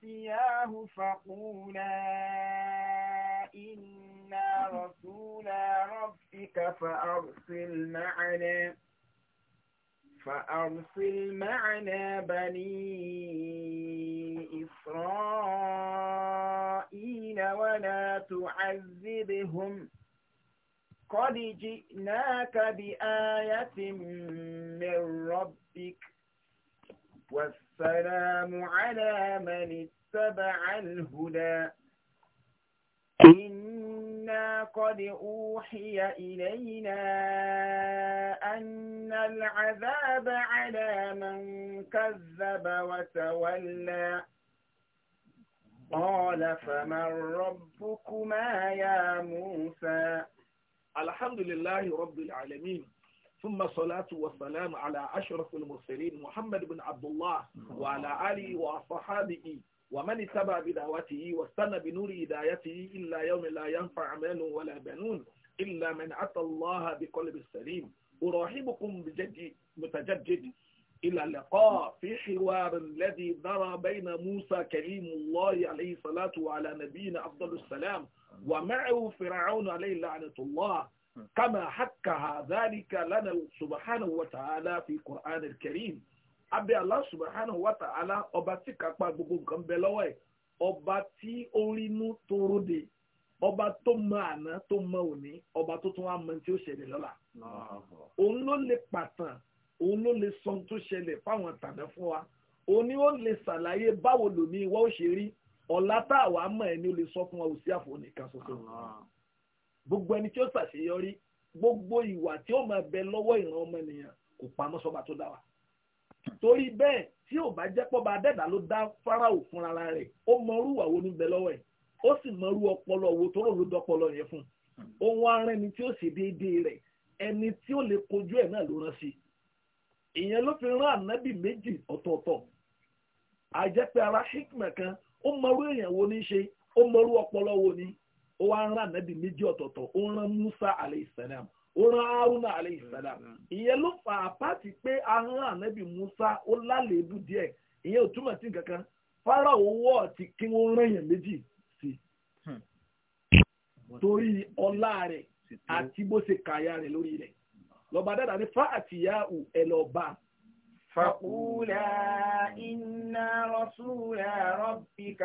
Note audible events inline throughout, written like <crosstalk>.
فأتياه فقولا إنا رسولا ربك فأرسل معنا فأرسل معنا بني إسرائيل ولا تعذبهم قد جئناك بآية من ربك والسلام على من اتبع الهدى إنا قد أوحي إلينا أن العذاب على من كذب وتولى قال فمن ربكما يا موسى الحمد لله رب العالمين ثم صلاة والسلام على أشرف المرسلين محمد بن عبد الله وعلى آله وصحابه ومن اتبع بدعوته واستنى بنور هدايته إلا يوم لا ينفع مال ولا بنون إلا من أتى الله بقلب سليم أرحبكم بجد متجدد إلى اللقاء في حوار الذي درى بين موسى كريم الله عليه الصلاة وعلى نبينا أفضل السلام ومعه فرعون عليه لعنة الله كما حكها ذلك لنا سبحانه وتعالى في القرآن الكريم أبي الله سبحانه وتعالى ta'ala ọba بقوم kápá gbogbo nǹkan bẹ lọ́wọ́ ẹ̀ ọba tí ó rí inú tó róde ọba tó mọ àná tó mọ òní ọba tó tún wá mọ tí ó ṣẹlẹ̀ lọ́la. òun ló lè pàtàn òun ló lè sọ tó ṣẹlẹ̀ fáwọn tàbí fún wa òun ni ó lè ṣàlàyé báwo lòní ìwọ́ òṣèré ọ̀la tá àwa mọ̀ ẹ́ ó lè sọ fún wa òsì àfọ̀ nìkan ṣoṣo gbogbo ẹni tí ó ṣàṣeyọrí gbogbo ìwà tí ó máa bẹ lọ́wọ́ ìran ọmọnìyàn kò pamọ́ sọ́ba tó dá wa torí bẹ́ẹ̀ tí ò bá jẹ́ pọ́ba adẹ́dà ló dá fáráò fúnra rẹ̀ ó mọrú ìwà wo ní bẹ lọ́wọ́ ẹ̀ ó sì mọrú ọpọlọ wo tó rò ló dọ́pọlọ yẹn fún ohun ara ẹni tí ó ṣe déédéé rẹ̀ ẹni tí ó lè kojú ẹ̀ náà ló rán sí ìyẹn ló fi rán ànábì méjì ọ̀tọ̀ọ̀tọ̀ àjẹpẹ́ ara hikma kan ó mọrú èèyàn ní ṣe ó mọrú ọpọlọ wo ní o wá ń meji ànábì méjì Musa aleyhisselam o rán Haruna aleyhisselam ihe ló fà á pé a Musa o lálẹ́bù díẹ̀ ìyẹn ò fara owó ọ̀tí kí wọ́n rán meji si tori torí ọlá rẹ̀ àti rẹ ṣe kàyà rẹ̀ lórí rẹ̀ lọ́ba dáadáa ní فقولا إنا ربك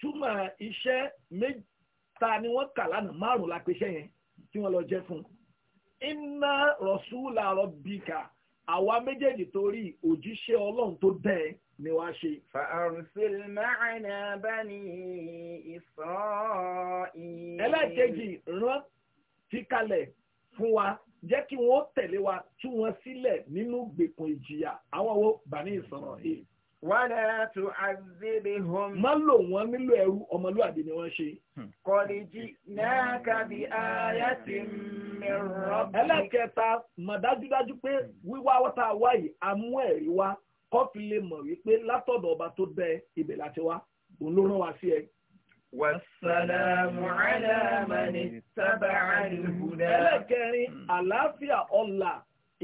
ìtumọ̀ iṣẹ́ mẹ́ta ni wọ́n kà lánàá márùn-ún la pé iṣẹ́ yẹn tí wọ́n lọ jẹ́ fún iná rọ̀ṣúlà rọ̀bìkà àwa méjèèjì torí òjíṣẹ́ ọlọ́run tó dẹ̀ ni wàá ṣe. fa'arsil ma'ana bani Isra'il. ẹlẹ́ẹ̀kejì rán tíkalẹ̀ fún wa jẹ́ kí wọ́n tẹ̀lé wa tú wọn sílẹ̀ nínú gbèkùn ìjìyà àwọn wo bani Isra'il wàlẹ̀ tó àzébé hom. má lò wọ́n nílò ẹrú ọmọlúwàbí ni wọ́n ṣe. kọ́lẹ́jì náà kàbí ayé ti mẹ́rọ̀. ẹlẹ́kẹta mọ̀ dájúdájú pé wíwá wọ́tá wáyé amú ẹ̀rí wá kọ́ lè mọ̀ wípé látọ̀dọ̀ ọba tó dẹ ibẹ̀ láti wá òun ló rán wa sí ẹ. Wàsàlámù àlàmà ní tábà àlùhùdà. Ẹlẹ́kẹrin, àlàáfíà ọ̀la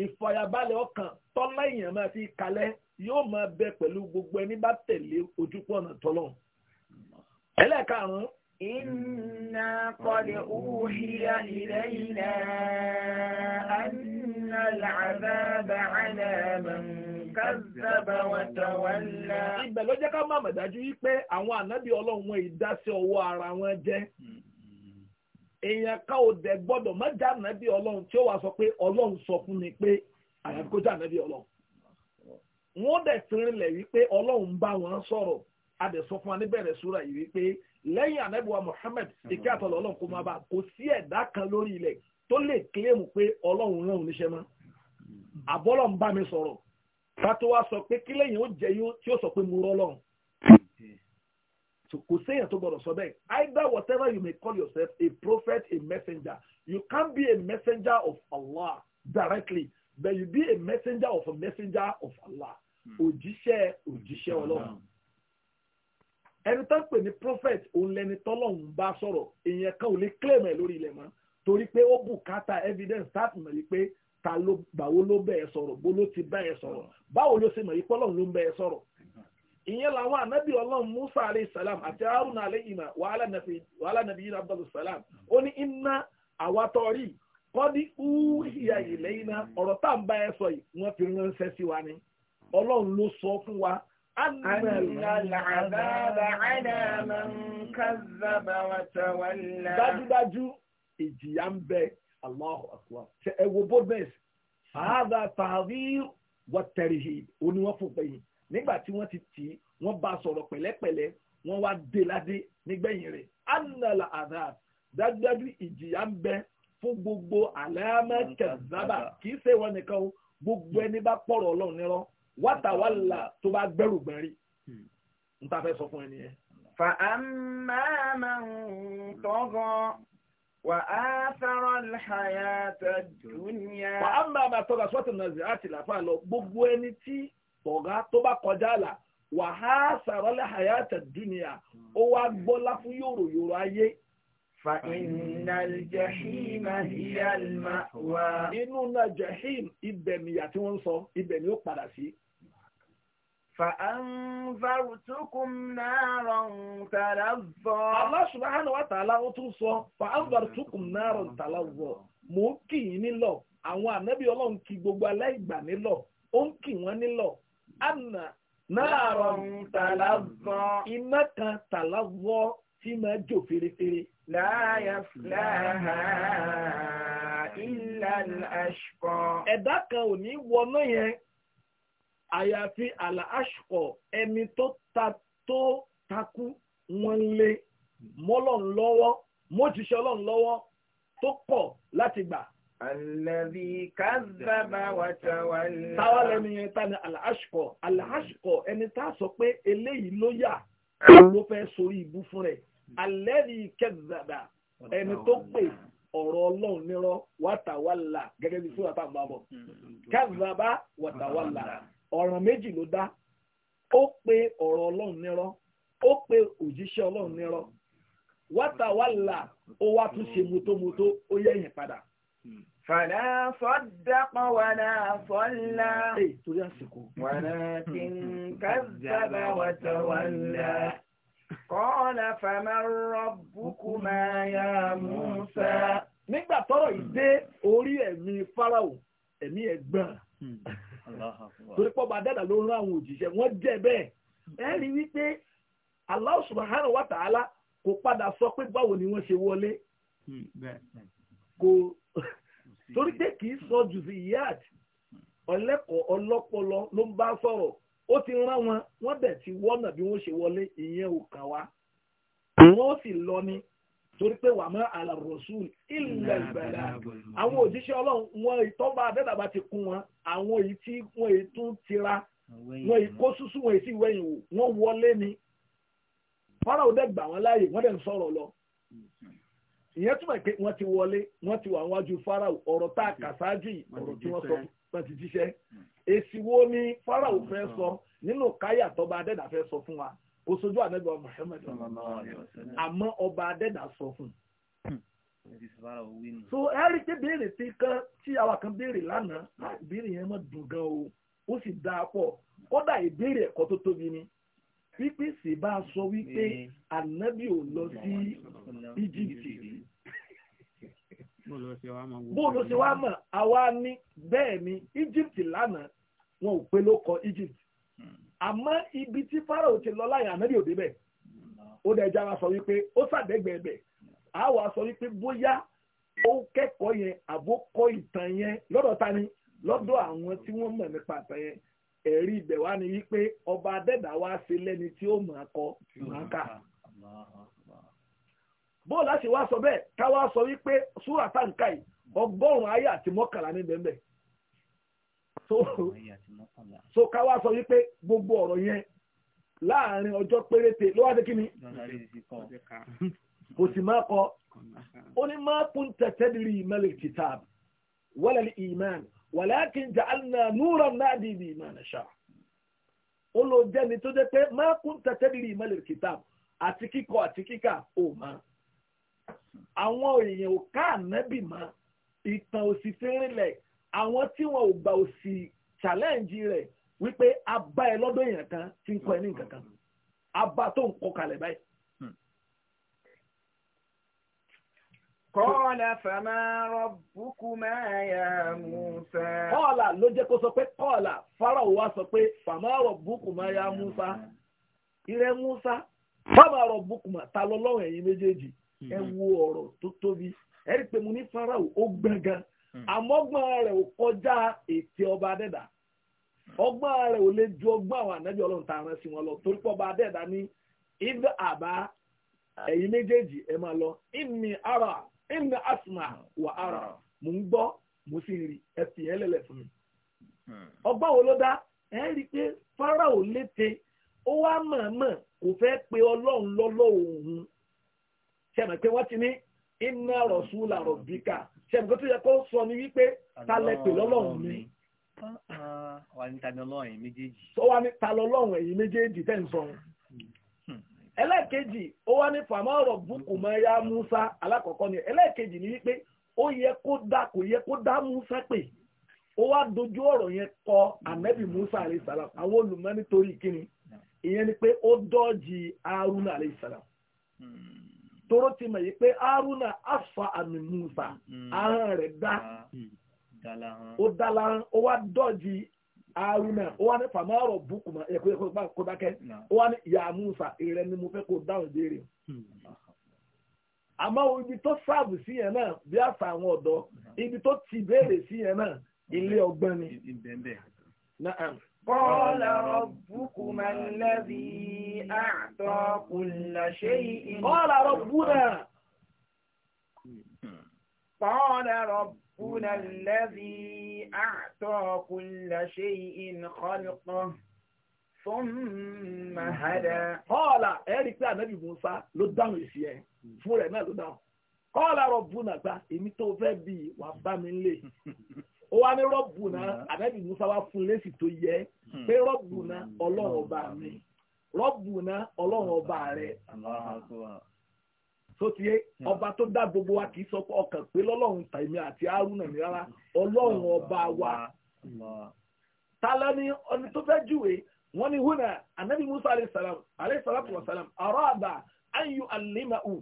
ìfọyàbalẹ̀ ọkàn tọ́lá èèyàn máa fi kalẹ̀ yóò máa bẹ pẹ̀lú gbogbo ẹni bá tẹ̀lé ojúpọ̀nà tọ́lọ̀. karùn ún iná kọ́lé òhìyà ilẹ̀ ilẹ̀ àná làbàbà àlẹ́mọ̀ kásábà wàtàwálà. ibẹ̀ ló jẹ́ ká má mọ̀ dájú àwọn ànábì ọlọ́run ọwọ́ ara wọn jẹ́ hmm. èèyàn ká ò dẹ̀ gbọ́dọ̀ má já nàbí ọlọ́run tí ó wàá sọ pé ọlọ́run sọ fún mi pé àyàfi kó já nàbí ọlọ́run. wọ́n dẹ̀ tirinlẹ̀ wípé ọlọ́run bá wọn sọ̀rọ̀ a fún wa níbẹ̀rẹ̀ súra yìí wípé lẹ́yìn anábìwá Muhammad ìkẹ́ àtọ̀lọ́ ọlọ́run kó máa bá kò sí ẹ̀dá kan lórí ilẹ̀ tó lè kílèmù pé ọlọ́run rán òun níṣẹ́ mọ́ àbọ́lọ́ ń bá mi sọ̀rọ̀ ká sọ pé kílẹ̀yìn ó jẹ́ yó tí ó sọ pé mo rọ́ ọlọ́run so kò say tó gbọdọ̀ sọ bẹ́ẹ̀ either whatever you may call yourself a prophet a messenger you can't be a messenger of Allah directly but you be a messenger of a messenger of Allah hmm. òjíṣẹ́ òjíṣẹ́ Olorun. Hmm. ẹni tó ń pè ní prophet òun lẹni tọ́lọ́run bá sọ̀rọ̀ èèyàn kan ò lè claim ẹ̀ lórí ilẹ̀ mọ́ torí pé ó bùkátà evidence táàtì mọ̀ wípé ta ló báwo ló bẹ̀ ẹ́ sọ̀rọ̀ bó ló ti bá ẹ sọ̀rọ̀ hmm. báwo ló ṣe mọ̀ yìí pọ́lọ́run ló ń bẹ̀ ẹ́ sọ̀rọ̀ ìyẹn làwọn ànábì ọlọ́run musa alayhi salam àti haruna alayhi ma wàhálà nàbí yìí abdul salam ó ní iná àwátọ́rí kọ́dí uhiya ilayna ọ̀rọ̀ tá à ń bá ẹ sọ yìí wọ́n fi sí wa ni ọlọ́run ló sọ fún wa. dájúdájú ìjìyà ń bẹ Allahu akbar ẹ wo boldness. hada tààrí wọ́n tẹ̀rì yìí oníwọ́n fún bẹ́yìn. nígbà tí wọ́n ti tì í wọ́n bá sọ̀rọ̀ pẹ̀lẹ́pẹ̀lẹ́ wọ́n wá dé ládé nígbẹ̀yìn rẹ̀ anala adab dájúdájú ìjìyà ń bẹ fún gbogbo àlàyé kẹsàbà kì í ṣe wọn nìkan o gbogbo ẹni bá pọ̀rọ̀ ọlọ́run nírọ́ wátàwálà tó bá gbẹ́rù gbẹ́rí n ta fẹ́ sọ fún ẹni yẹn. fa amma man tagha wa athara al-hayata ad-dunya. fa amma man tagha náà zì á ti làfà lọ gbogbo ẹni tí tọ̀gá tó bá kọjá àlà wàhá sàrọ́lẹ̀ hayata ó wá gbọ́lá fún yòrò yòrò ayé. fa jahima hiya al inú jahim ibẹ̀ nìyà tí wọ́n ń sọ ibẹ̀ ni ó padà sí. فأنذرتكم نارا تلظى الله سبحانه وتعالى ó tún sọ فأنذرتكم mò ń kì í àwọn ànábì àmà náàrọ̀ tàlàvọ́ iná kan tàlàvọ́ tí máa jò fèrèfèrè. láyà fúláhà ilà àṣkọ. ẹ̀dá kan ò ní wọnú yẹn àyàfi àlà àṣkọ ẹni tó ta tó takú wọn lé mọ́lọ́n lọ́wọ́ mọ́jíṣẹ́ ọlọ́run tó kọ̀ láti gbà. Àlẹ́bí kázábà wàtàwàlá. Táwa lẹ́nu yẹn ta ni àlàáṣkọ̀. Àlàáṣkọ̀ ẹni tá a sọ pé eléyìí ló yà ló fẹ́ sórí ìbú fún rẹ̀. Àlẹ́bí kázábà ẹni tó pè ọ̀rọ̀ ọlọ́run nírọ́ wàtàwàlá gẹ́gẹ́ bí sóra táwọn bá bọ̀. Kázábà ọ̀ràn méjì ló dá. Ó pe ọ̀rọ̀ ọlọ́run nírọ́. Ó pe òjíṣẹ́ ọlọ́run nírọ́. Wàtàwàlá ó wá tún ṣe mọ́tómọ́tó ó yẹ̀yìn فلا صدق ولا صلى ولكن <laughs> كذب وتولى قال فمن ربكما يا موسى nígbà tọ́rọ̀ yìí dé orí ẹ̀mí farao ẹ̀mí ẹ̀gbọ́n torí pọ bá dàda ló ń rán àwọn òjíṣẹ́ wọn jẹ bẹ́ẹ̀ ẹ rí wípé Allah subhanahu wa ta'ala kò padà sọ pé báwo ni wọ́n ṣe wọlé kò hmm torí pé kì í sọ jù sí ìyá àti ọlẹ́kọ̀ọ́ ọlọ́pọlọ ló ń bá sọ̀rọ̀ ó ti rán wọn wọ́n dẹ̀ ti wọ́nà bí wọ́n ṣe wọlé ìyẹn ò kàn wá wọ́n sì lọ ni torí pé wàmọ́ alàrọ̀sùn ilẹ̀ ìbẹ̀rẹ̀ àwọn òjíṣẹ́ ọlọ́run wọn ìtọ́ba adẹ́dàbà ti kún wọn àwọn èyí tí wọn èyí tún tira wọn èyí kó súsú wọn èyí sì wẹ̀yìn wò wọ́n wọlé ni fọ́nrán ò dẹ̀ gbà wọ́n láàyè wọ́n dẹ̀ ń sọ̀rọ̀ lọ mm-hmm ìyẹn túmọ̀ pé wọ́n ti wọlé wọ́n ti wà wájú farao ọ̀rọ̀ tá a kà ṣáájú yìí ọ̀rọ̀ tí wọ́n sọ fún ti jíṣẹ́ hmm. èsì wo ni farao fẹ́ sọ nínú káyà tọba adẹ́dà fẹ́ sọ fún wa kò sojú ànábì wa Muhammad àmọ́ ọba adẹ́dà sọ fún hmm. so ẹ̀rí pé béèrè tí kan tí àwa kan béèrè lánàá béèrè yẹn mọ̀ dùn gan o ó sì dáa pọ̀ kódà ìbéèrè ẹ̀kọ́ tó tóbi ni wípé sì bá a sọ wípé ànábì ò lọ sí Íjíbítì bó ló ṣe wá mọ̀ àwa ní bẹ́ẹ̀ ni Egypt lánàá wọn ò pé ló kọ Egypt àmọ́ ibi tí Pharaoh ti lọ láyé ànábì òde bẹ́ẹ̀ ó dẹ̀ jára sọ wípé ó sàdẹ́gbẹ̀ẹ́bẹ̀ á wà sọ wípé bóyá ó kẹ́kọ̀ọ́ yẹn àbó kọ́ ìtàn yẹn lọ́dọ̀ ta ni lọ́dọ̀ àwọn tí wọ́n mọ̀ nípa ìtàn yẹn ẹ̀rí ibẹ̀ wá ni wípé ọba adẹ́dàá wá ṣe lẹ́ni tí ó mọ̀ ọ́ bó láti wá sọ káwá sọ wípé súrà táǹkà yìí ọgọ́rùn ayé àti so káwá sọ gbogbo ọ̀rọ̀ yẹn láàrin ọjọ́ péréte ló wá dé kí ni kò sì máa kọ ó ní máa kún tẹ̀tẹ́ lórí ìmọ̀lẹ̀ kitab wala li iman di ó lọ jẹ́ni tó jẹ́ pé máa kún lórí àti kíkọ àti kíkà ó máa. àwọn èèyàn ò ká ànábì mọ́ ìtàn òsì fẹ́rẹ̀lẹ̀ àwọn tí wọn ò challenge rẹ wípé a ẹ èèyàn kan tí ń kọ́ ẹ ní nǹkan kan a tó ń kọ kọọla báyìí. Kọ́ọ̀lá fàmà rọ̀bùkùmá yà wa ló jẹ́ kó sọ pé sọ pé fàmà Ìrẹ́ ta ẹ̀yin méjèèjì. Hmm. ẹ wo ọ̀rọ̀ tó tóbi ẹ rí i pé mo ní farao ó gbẹ̀ngàn àmọ́gbọ́n hmm. rẹ̀ ò kọjá ètè ọba adẹ́dà hmm. ọgbọ́n rẹ ò lè ju ọgbọ́n àwọn ànábì ọlọ́run tá a rán sí wọn lọ torí pé ọba adẹ́dà ní ibi àbá ẹ̀yin méjèèjì ẹ máa lọ ìmì ara ìmì asma wà ara mò ń gbọ mo sì rí ẹ fi ẹ lẹ́lẹ̀ fún mi. ọgbọ́n wo ló dá ẹ rí i pé farao lété ó wá mọ̀ọ́mọ̀ kò fẹ́ pe ọlọ́run lọ́lọ́ òun ṣẹ̀mọ̀ pé wọ́n ti ní iná ọ̀rọ̀ rọ̀bíkà ṣẹ̀mọ̀ pé tó yẹ kó sọ ni wípé talẹ̀ pè lọ́lọ́run mi. wà ní tani ọlọ́run méjèèjì. ó méjèèjì tẹ́ ń sọ. ẹlẹ́ẹ̀kejì ó wá ní fàmọ́ ọ̀rọ̀ bùkùmọ̀ ya Musa alákọ̀ọ́kọ́ ni ẹlẹ́ẹ̀kejì ni wípé ó yẹ kó dá yẹ kó Musa pè ó wá dojú ọ̀rọ̀ tóró ti mọ̀ yìí pé afa àmì musa hmm. ahọ́n rẹ̀ dá ah, ó dá láhán ó wá dọ́jì haruna o wa ní famaro bukuma ẹ̀kọ́ ẹ̀kọ́ ìpá kó dákẹ́ ó wá ní ya musa ìrẹ́ ni mo fẹ́ kó hmm. ibi tó sáàbù sí yẹn náà bí àṣà àwọn hmm. ibi tó ti béèrè sí yẹn náà ilé na قال ربكما الذي أعطى كل شيء قال ربنا قال ربنا الذي أعطى كل شيء خلقه ثم هدى قال ẹ̀rí pé ànábì Mùsá ló dáhùn èsì ẹ̀ fún rẹ̀ náà ló dáhùn قال ربنا gba èmi tó fẹ́ bí wàá bá mi lé ó wá ní rọ́bù náà mm-hmm. ànábì musa wá fún lẹ́sì tó yẹ mm-hmm. pé rọ́bù náà mm-hmm. ọlọ́run ọba mi rọ́bù náà ọlọ́run ọba rẹ̀ sotie ọba tó dá gbogbo wa kì í sọ ọkàn pé lọ́lọ́run tàìmí àti arúnà mi rárá ọlọ́run ọba wa tálẹ́ ní ọni tó fẹ́ júwe wọ́n ní húnà ànábì musa alayhi salatu wa salam arada an yu'allimahu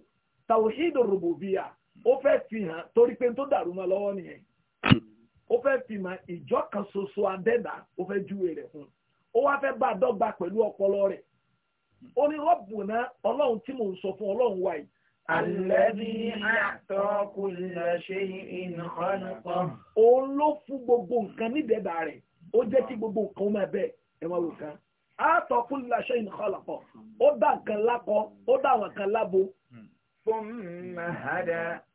tawhidur rububiyya ó fẹ́ fi hàn torí pé tó dàrú mọ́ lọ́wọ́ nìyẹn. <coughs> o fẹ́ fi ma ìjọ kan ṣoṣo adẹ́dà ó fẹ́ júwe rẹ̀ fún O wá fẹ́ bá a dọ́gba pẹ̀lú ọpọlọ rẹ̀ o ní rọ́bù náà ọlọ́run tí mò ń sọ fún ọlọ́run wa yìí. Àlẹ́bí àtọ́ kò lè ṣe ìnàkọ́nùkọ́. Òun ló gbogbo nǹkan nídẹ̀ẹ́dà rẹ̀. Ó jẹ́ kí gbogbo nǹkan máa ẹ̀ wò kán. kò lè ṣe Ó dá nǹkan ó dá àwọn lábo. Fún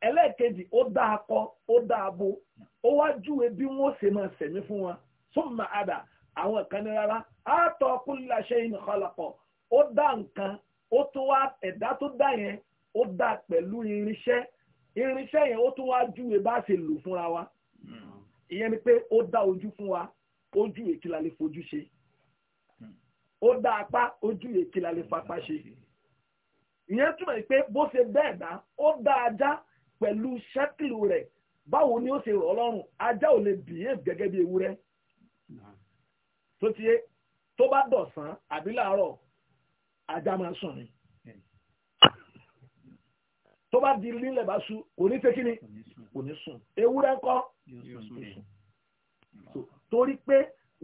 Ẹlẹ́ẹ̀kejì, ó dá akọ, ó ó wá júwe bí wọ́n ṣe máa sẹ̀mí fún wọn summa àdà àwọn kan ní rárá àtọ̀ kulla shay'in khalaqa ó dá nǹkan ó tún wá ẹ̀dá tó dá yẹn ó dá pẹ̀lú irinṣẹ́ irinṣẹ́ yẹn ó tún wá júwe bá ṣe lò fúnra wa ìyẹn ni pé ó dá ojú fún wa ojú èkìlà lè fojú ṣe ó dá apá ojú èkìlà lè fapá ṣe ìyẹn túmọ̀ pé bó ṣe bẹ́ẹ̀ dá ó dá ajá pẹ̀lú ṣẹ́kìlù rẹ̀ báwo ni ó ṣe rọ̀ ọlọ́run ajá ò lè bìíye gẹ́gẹ́ bí ewúrẹ́ tó ti yé tó bá dọ̀sán àbí láàárọ̀ ajá máa sùn ni tó bá di nílẹ̀ bá sú kò ní ṣe kíni kò ní sùn ewúrẹ́ ńkọ́ torí pé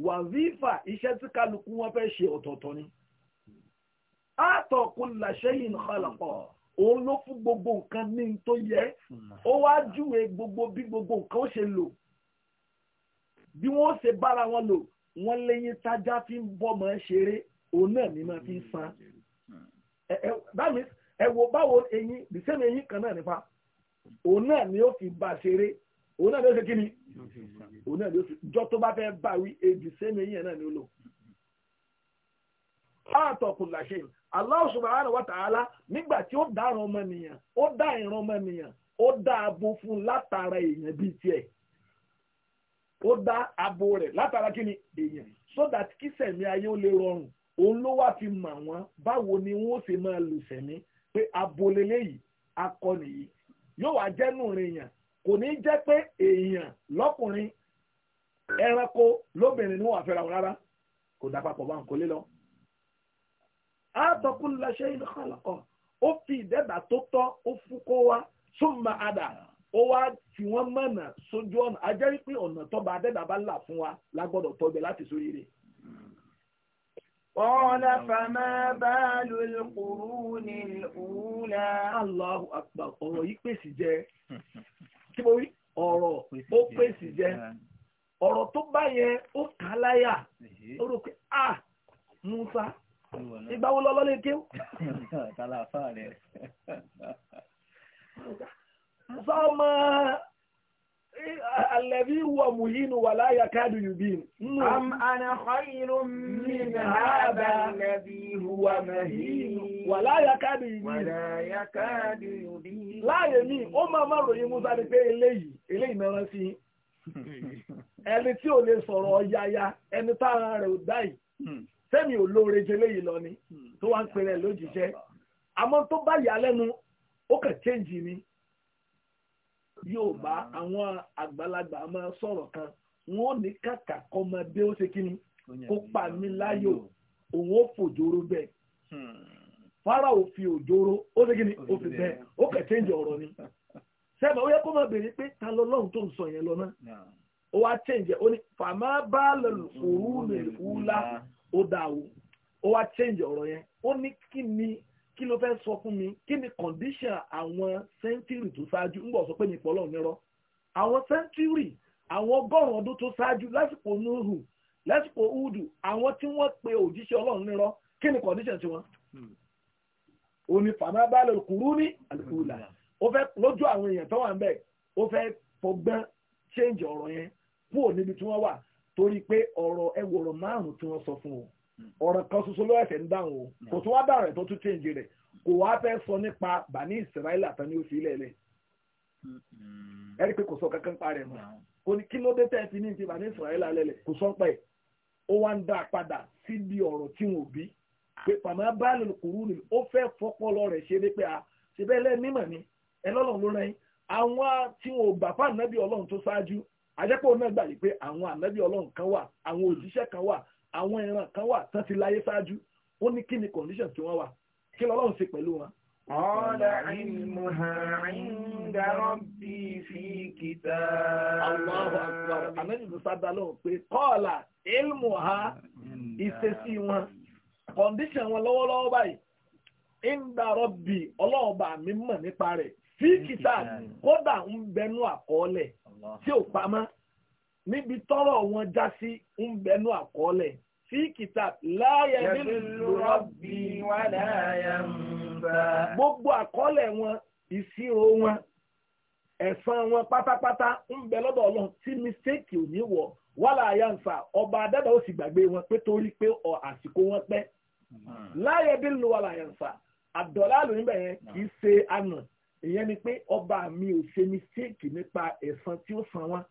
wàvífà iṣẹ́ tí kálukú wọn fẹ́ ṣe ọ̀tọ̀ọ̀tọ̀ ni àtọ̀kùn làṣẹ́yìn kọlọ̀pọ̀ òun ló fún gbogbo nǹkan ní tó yẹ ó wá júwe gbogbo bí gbogbo nǹkan ó ṣe lò bí wọ́n ṣe bára wọn lò wọ́n lẹ́yìn tájá fi ń bọ́mọ ṣeré òun náà ni máa fi ń san ẹ wo báwo eyín bìsẹ́mi eyín kan náà nípa òun náà ni ó fi bá ṣeré òun náà ló ṣe kí ni òun náà ló ṣe jọ tó bá fẹ́ bá wí ebìsẹ́mi eh, eyín náà ni ó lò. láàtọ̀ kò làṣẹ Allah subhanahu wa ta'ala nígbà tí ó dá ìran ọmọnìyàn ó dá ìran ọmọnìyàn ó dá abo fún látara èèyàn bíi tiẹ̀ ó dá abo rẹ̀ látara kí ni èèyàn so that kí sẹ̀mí ayé ó lè rọrùn òun ló wá fi mọ̀ wọ́n báwo ni wọ́n ṣe máa lù sẹ̀mí pé abo leléyìí akọni yìí yóò wá jẹ́nu èèyàn kò ní jẹ́ pé èèyàn lọ́kùnrin ẹranko lóbìnrin ni wọ́n wà fẹ́ra wọn rárá kò dà papọ̀ bá ń kọ́lé lọ àtọkùn làṣẹ ìlú kàlàkọ ó fi ìdẹ́gbà tó tọ́ ó fún kó wá súnmọ́ àdà ó wá tí wọ́n mọ̀nà sójú ọ̀nà ajẹ́ wípé ọ̀nà tọ́ba adẹ́gbà bá là fún wa lágbọ́dọ̀ tọ́gbẹ́ láti sórí rẹ̀. Ọ̀nà fàmà báàlù ìkùrú ni ìhùlà. Allahu akbar ọ̀rọ̀ yìí pèsè jẹ́. Kí mo rí ọ̀rọ̀ ó pèsè jẹ́ ọ̀rọ̀ tó bá yẹn ó kà láyà ó rò pé ah Musa ìgbà wo lọ́lọ́ lè kéwù. sọ́mọ alẹ́bí wọ mùhínú wà láyà káàdù yùbín. am ana khairu min hada alẹ́bí wọ mùhínú wà láyà káàdù yùbín. láyè mi ó máa má ròyìn musa ni pé eléyìí eléyìí mẹ́rán sí hmm. ẹni tí ò lè sọ̀rọ̀ ọ̀yàyà ẹni tára rẹ̀ ò dá yìí. Hmm. sẹ́mi ò lóore jẹ lọ ni hmm. tó wá ń pinnu ẹ̀ àmọ́ tó bá lẹ́nu ó chẹ́ǹjì ni yóò bá hmm. àwọn àgbàlagbà máa sọ̀rọ̀ kan wọn ò ní kàkà kọ́mọdé ó ṣe kíni kó pa mí láyò òun ó fòjòrò bẹ́ẹ̀ hmm. fara ò fi òjòrò ó ṣe kíni ó fi ni <laughs> sẹ́mi ó yẹ kó máa ta lọ́lọ́run tó ń sọ yẹn lọ ó wá chẹ́ǹjì ó ní fàmà bá ó dáa o ó wá change ọ̀rọ̀ yẹn ó ní kí ni kí ló fẹ́ sọ fún mi kí ni condition àwọn sẹ́ńtírì tó ṣáájú ń bọ̀ sọ pé mi pọ̀ lọ́run nírọ́ àwọn sẹ́ńtírì àwọn ọgọ́rùn-ún ọdún tó ṣáájú lásìkò nuhu lásìkò udu àwọn tí wọ́n pe òjíṣẹ́ ọlọ́run nírọ́ kí ni condition tiwọn. Hmm. ó ní fàmà bá lè kúrú ní àlùkùlà hmm. ó fẹ́ lójú àwọn èèyàn tó wà ń bẹ̀ ó fẹ́ fọgbọ́n change ọ̀rọ̀ yẹn kúrò níbi tí wọ́n wà torí pé ọ̀rọ̀ ẹ wọ̀rọ̀ márùn-ún tí wọ́n sọ fún o hmm. ọ̀rọ̀ kan ṣoṣo ló ẹ̀sẹ̀ ń dáhùn o hmm. kò tún wá bàrẹ̀ tó tún change rẹ̀ kò wá fẹ́ sọ nípa bani Israel àtàní òfin ilẹ̀ ilẹ̀ hmm. ẹ rí i pé kò sọ kankan pa rẹ̀ mọ́ kò ní kí ló dé tẹ́ fi ní ti bani Israel alẹ́lẹ̀ kò sọ pẹ́ ó wá ń dá padà síbi ọ̀rọ̀ tí wọn ò bí pé pàmò abáàlì kùrú ni ó fẹ́ fọpọlọ rẹ̀ ṣe ni pé a ṣe bẹ́ẹ̀ lẹ́ nímọ̀ ni ẹ lọ́lọ́run ló rẹ́yìn àwọn tí wọn ò gbà fáànù náà bí ọlọ́run tó ṣáájú ajẹ́pọ̀ náà gbà yìí pé àwọn ànábì ọlọ́run kan wà àwọn awon kan wà àwọn ìran kan wà tán ti láyé ṣáájú ó ní kí ni condition tí wọ́n wà kí lọ́lọ́run ṣe pẹ̀lú wọn. ọ̀la ìmùhà ìdárọ̀ fi kìtà. lóhùn pé kọ́ọ̀là ìmùhà ìṣesí wọn condition wọn lọ́wọ́lọ́wọ́ báyìí ìdárọ̀ bí ọlọ́ọ̀bà mi nípa rẹ̀ fi kódà ń bẹnu tí ò pamọ́ níbi tọ́rọ̀ wọn já sí ń bẹnu àkọọ́lẹ̀ sí kitab láàyè nílùú rọ́bì wà láàyè ń bá. gbogbo àkọọ́lẹ̀ wọn ìṣirò wọn ẹ̀san wọn pátápátá ń bẹ lọ́dọ̀ ọlọ́run tí mistake ò ní wọ̀ wàhálà àyànfà ọba adẹ́dà ó sì gbàgbé wọn pé torí pé ọ àsìkò wọn pẹ́ hmm. láàyè bí lu wàhálà àyànfà àdọ̀lá lóyún bẹ̀yẹn kì í ṣe àná ìyẹn ni pé ọba mi ò ṣe mistake nípa ẹ̀san tí ó san wọn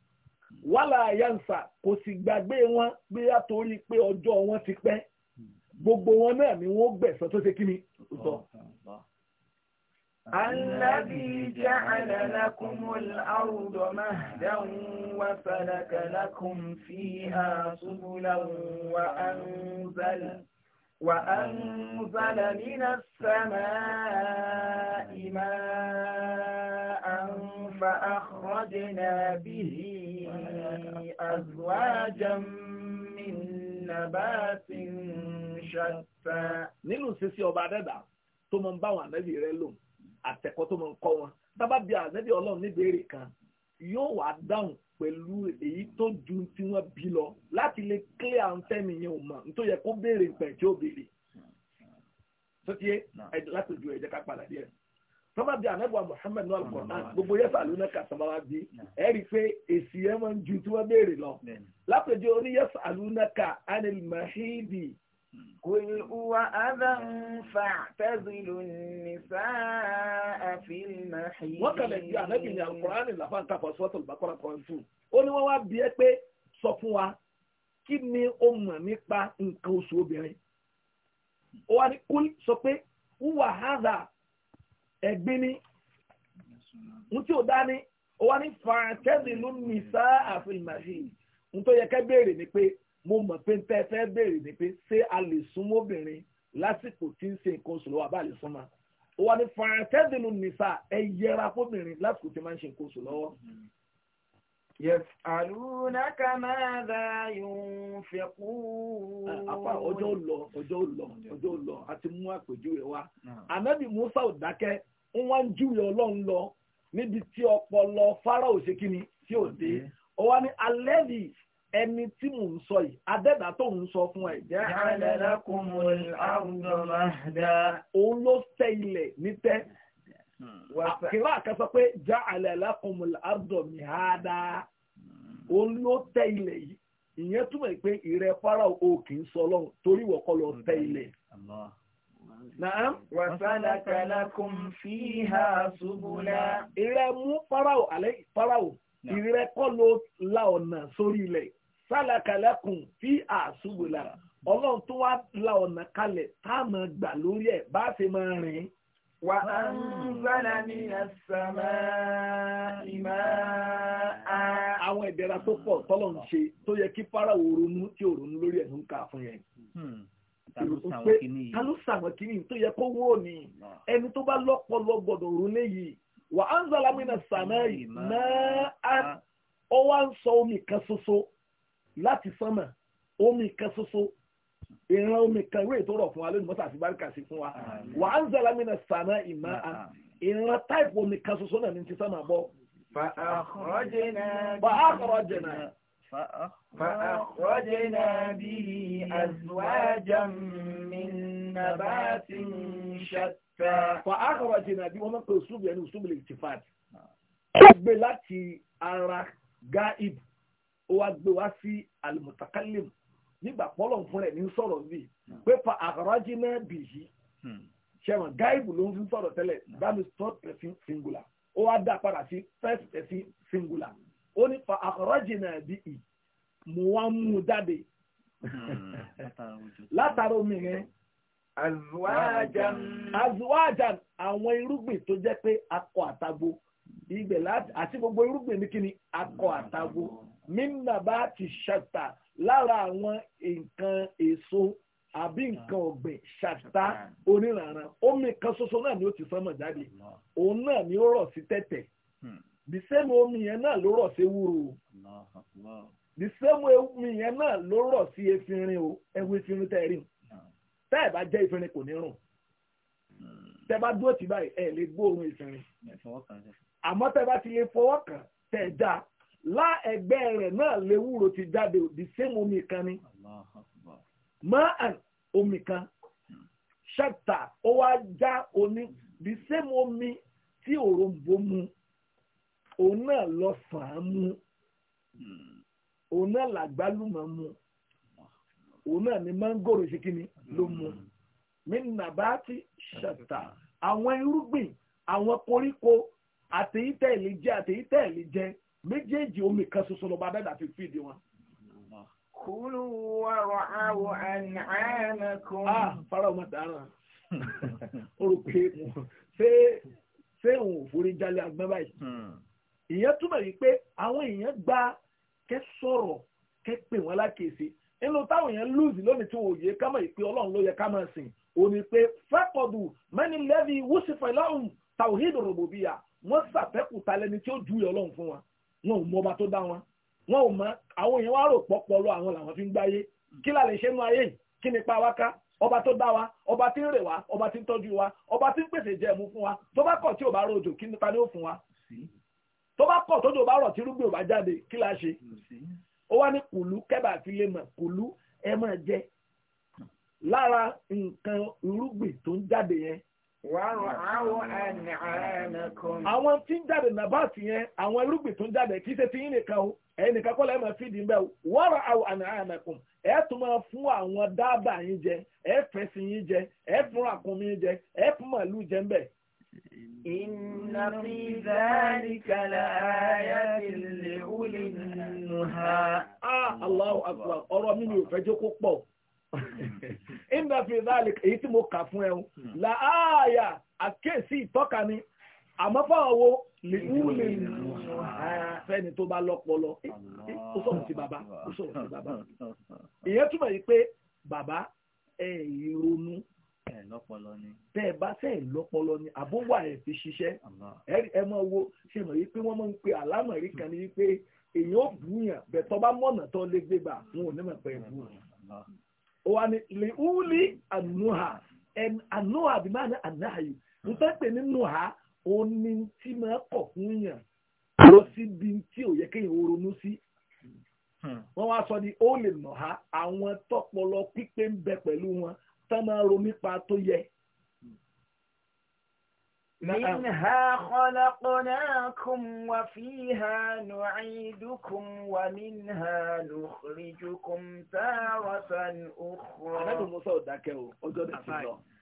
wàhálà àyànṣà kò sì gbàgbé wọn bí a torí pé ọjọ́ wọn ti pẹ́ gbogbo wọn náà ni wọ́n gbẹ̀san tó ṣe kí ni الذي جعل لكم الأرض مهدا وسلك لكم فيها سبلا وأنزل, وأنزل من السماء الماء ماء فأخرجنا به أزواجا من نبات شتى nínú sisi ọba adẹ́dà tó mọ̀ ń bá wọn ànábì rẹ̀ lò àtẹ̀kọ́ tó mọ̀ ń kọ́ wọn tábà bí ànábì ọlọ́run níbèrè yóò wá dáhùn pẹ̀lú èyí tó ju tí wọ́n bí lọ láti lè clear àwọn tẹ́mi yẹn ò mọ̀ nítorí ẹ̀ kó béèrè ìpẹ̀ tí ó béèrè. sọ́tí láti ojú ẹ̀jẹ̀ ká padà díẹ̀ tọ́ba bíi anábọ̀ Muhammad náà kọ̀ọ̀tà gbogbo yẹ́sà lónà kàtàbà wa bí ẹ rí i pé èsì yẹn máa ń ju tí wọ́n béèrè lọ. lápèjọ oní yẹ́sà lónà ká anil mahidi. kul huwa adhan fa'tazilu nisaa fil mahidi. wọ́n kàlẹ̀ ju anábì ní alukur'ani làbá ń kàfọ́ sọ́tò bàkọ́rọ̀ kan tù. ó ní wọ́n wá bí ẹ pé sọ fún wa kí ni ó mọ̀ nípa nǹkan oṣù obìnrin. ó wá ní kul sọ pé huwa hadha ẹ̀gbin ni n tí ò dá ní ó wá ní fàǹtẹ́sì ló ń mi sá àfihàn n tó yẹ kẹ́ béèrè ni pé mo mọ̀ pé tẹ́ fẹ́ béèrè ni pé ṣé a lè súnmọ́ obìnrin lásìkò tí ń ṣe nǹkan oṣù lọ́wọ́ àbá súnmọ́ ó wá ní fàǹtẹ́sì ló mi sá ẹ yẹra fóbìnrin lásìkò tí máa ń ṣe nǹkan oṣù lọ́wọ́ Yẹ̀sàlúnàkà máa dá yóò fẹ́ kú. Apá ọjọ́ lọ, ọjọ́ lọ, ọjọ́ lọ, a ti mú àpèjúwe wa. Ànábì Musa ò dákẹ́, ń wá ń júwe ọlọ́run lọ níbi tí ọpọlọ Fáráò ṣe kíni tí ò dé. Ó wá ní alẹ́bì ẹni tí mò ń sọ yìí, adẹ́dà tó ń sọ fún ẹ̀. Jẹ́ àlẹ́ lákùnrin àrùn ọ̀la dá. Òun ló tẹ ilẹ̀ nítẹ́. kíra àkásọ ah, pé já àlẹ́ lakumul ardo mihada hmm. òun ló tẹ ilẹ̀ yìí ìyẹn túmọ̀ pé ìrẹ́ fara o kì í sọ ọlọ́run torí ìwọ lọ tẹ hmm. Naam. Wasalaka lakum fiha subula. Ìrẹ́ mú Fáráò àlẹ́ Fáráò ìrẹ́ kọ́ ló la ọ̀nà sórí ilẹ̀. Sálaka lakum fiha subula. Hmm. Ọlọ́run tó wá la ọ̀nà kalẹ̀ tá a máa gbà lórí ẹ̀ bá ṣe máa rìn. وأنزل من السماء ماء àwọn ìdẹ̀ra tó pọ̀ tọ́lọ̀ ń ṣe tó yẹ kí fáráwò ronú tí ò ronú lórí ẹ̀ ń kà fún yẹn hmm. ta ló sàwọn kìíní tó yẹ kó wó ni ẹni tó bá lọ́pọ̀lọ́ gbọ́dọ̀ ronú yìí wà á ń zala mina sàmáì náà ó wá ń sọ omi kan ṣoṣo láti sánmà omi kan ṣoṣo ìran omi kan rèé tó rọ̀ fún wa lónìí mọ́tà àti báríkà sí fún wa wà á ń zàlá mi náà sànà ìmọ̀ à ìran táìpù omi kan ṣoṣo náà ní ti sánà bọ́. fa akhrajna fa akhrajna fa akhrajna bihi azwajan min nabatin shatta. fa akhrajna bí wọ́n máa ń pè ṣùgbọ́n ẹni ṣùgbọ́n lè ti nígbà pọ́lọ̀ fún rẹ̀ ní sọ̀rọ̀ bí hmm. pé pa àkàràjì náà bì yí hmm. ṣẹ̀wọ̀n gáìbù ló ń fi sọ̀rọ̀ tẹ́lẹ̀ that is third person singular ó wá dá padà sí first person singular ó ní fa àkàràjì náà bí i mo wá mú jáde hmm. <laughs> látara omi yẹn azuwajan azuwajan àwọn irúgbìn tó jẹ́ pé akọ àtagbo ibẹ̀ láti àti gbogbo irúgbìn ní kíni akọ àtagbo mímú bàbá ti ṣàtà lára àwọn nǹkan èso àbí nǹkan ọ̀gbìn ṣàtà hmm. oníranran omi kan ṣoṣo náà ni ó ti sánmọ̀ jáde hmm. òun náà ni ó rọ̀ sí tẹ̀tẹ̀ hmm. the same omi yẹn náà ló rọ̀ sí ewúro the same omi yẹn náà ló rọ̀ sí efinrin o ẹwọ efinrin tẹ́ ẹ rí tẹ́ ẹ bá jẹ́ efinrin kò ní rùn tẹ́ bá dúró tì báyìí ẹ lè gbóòórùn efinrin àmọ́ tẹ́ bá ti lè fọwọ́ kàn tẹ́ ẹ lá ẹ̀gbẹ́ rẹ̀ náà léwúro ti jáde the same omi kan ni máa omi kan ṣẹ́ta ó wá já oní the same omi tí òrombo mu òun náà lọ sàn án mu hmm. òun náà làgbálùmọ̀ mu òun náà ni mángòrò ṣe kíni ló hmm. mu mí nàbàtì ṣẹ̀tà hmm. àwọn irúgbìn àwọn koríko àtẹ̀yítẹ̀lì jẹ́ àtẹ̀yítẹ̀lì jẹ́ méjèèjì omi kan ṣoṣo lọ́ba dẹ́dà fi fìdí wọn. kúlù wàrà àwọ̀ ànàmẹ́kùn. a fara ọmọ dára o rò pé ṣé ṣé òun ò forí jalè agbọ́n báyìí. Hmm. ìyẹn túmọ̀ yìí pé àwọn èèyàn gba kẹ́ sọ̀rọ̀ kẹ́ pè wọ́n lákèsí nínú táwọn èèyàn lùzì lónìí tí wọ́n yé ká mọ̀ ìpè ọlọ́run ló yẹ ká máa sìn òní pé fẹ́pọ̀dù mẹ́ni lẹ́bi wúsìfẹ̀ lọ́hùn tàwíìdì rògbòbíyà wọ́n ṣàfẹ́kù talẹ́ni tí ó ju ìyọ̀ ọlọ́run fún wa wọn ò mọ ọba tó dá wọn wọn ò mọ àwọn èèyàn wá rò pọpọlọ àwọn làwọn fi ń gbáyé kí la lè ṣe nú ayé yìí kí ni pa wá ká ọba tó dá wa ọba tí ń rè wá ọba tí ń tọ́jú wa ọba tí ń pèsè jẹ fún wa tó bá kọ̀ tí ò bá rojò kí nípa ni ó fún wa tó bá kọ̀ tójò bá rọ̀ tí rúgbìn ò bá jáde kí la ṣe ó wá ní kùlú kẹ́bà fi lè mọ̀ kùlú ẹ máa jẹ lára nǹkan irúgbìn tó ń jáde yẹn Àwọn tí ń jáde nàbàtì yẹn, àwọn irúgbìn tó ń jáde kì í ṣe ti nìkan o, kọ́ máa fi di ń o. Wọ́rọ̀ àwọn ànàmẹ́kùn, ẹ̀ tún máa fún àwọn yín jẹ, yín jẹ, fún yín jẹ, fún màálù jẹ <laughs> inna fi dhalik èyí tí mo kà fún ẹ o hmm. la ààyà àkéèsí ìtọ́ka ni àmọ́ fáwọn wo lè wú lè fẹ́ni tó bá lọ́pọlọ ó sọ̀rọ̀ sí bàbá ó sọ̀rọ̀ sí bàbá ìyẹn túmọ̀ yìí pé bàbá ẹ̀ ìrònú lọ́pọlọ ni. bẹ́ ẹ bá sẹ́ẹ̀ lọ́pọlọ ni àbó wà ẹ̀ fi ṣiṣẹ́ ẹ mọ wo ṣe mọ̀ yìí pé wọ́n máa ń pe àlámọ̀rí kan ní wípé èèyàn ò bùyàn bẹ̀tọ́ bá mọ̀nà tó lé gbégbà wọn ò ní mọ̀ pé ẹ bù wọn ó wá ní lèúlì ànúhà ànúhà bí máa ní ànáhàyè nípa pé nínú ha ó ní tí máa kọ̀ fún yàn lọ síbi tí ò yẹ kéèyàn ronú sí hmm. wọ́n wá sọ ní ó lè nà àwọn tọ́pọlọ pípé ń bẹ pẹ̀lú wọn tá máa ronú pa tó yẹ. منها خلقناكم وفيها نعيدكم ومنها نخرجكم تارة أخرى.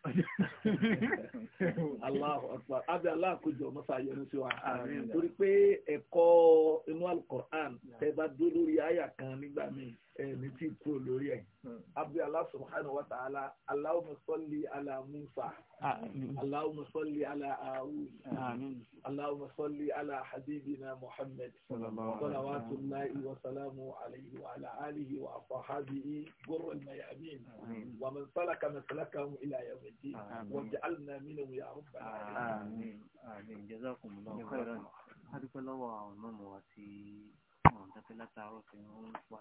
<laughs> Allahu akbar abi Allah àkójọ mọ́sá yẹnu sí wa torí pé ẹ̀kọ́ inú alukoran tẹ bá dó lórí àyà kan nígbà míì ẹni tí kú lórí ẹ̀ hmm. abi Allah subhanahu wa ta'ala Allahumma salli ala Musa Allahumma salli ala aawun Allahumma salli ala habibina Muhammad salawatullahi wa salamu alayhi wa ala alihi wa asahabihi gurran mayamin wa man salaka masalakahum ila الدين واجعلنا منهم يا رب العالمين آمين جزاكم الله خيرا هذا لو ما مواتي وانت في لا تعرف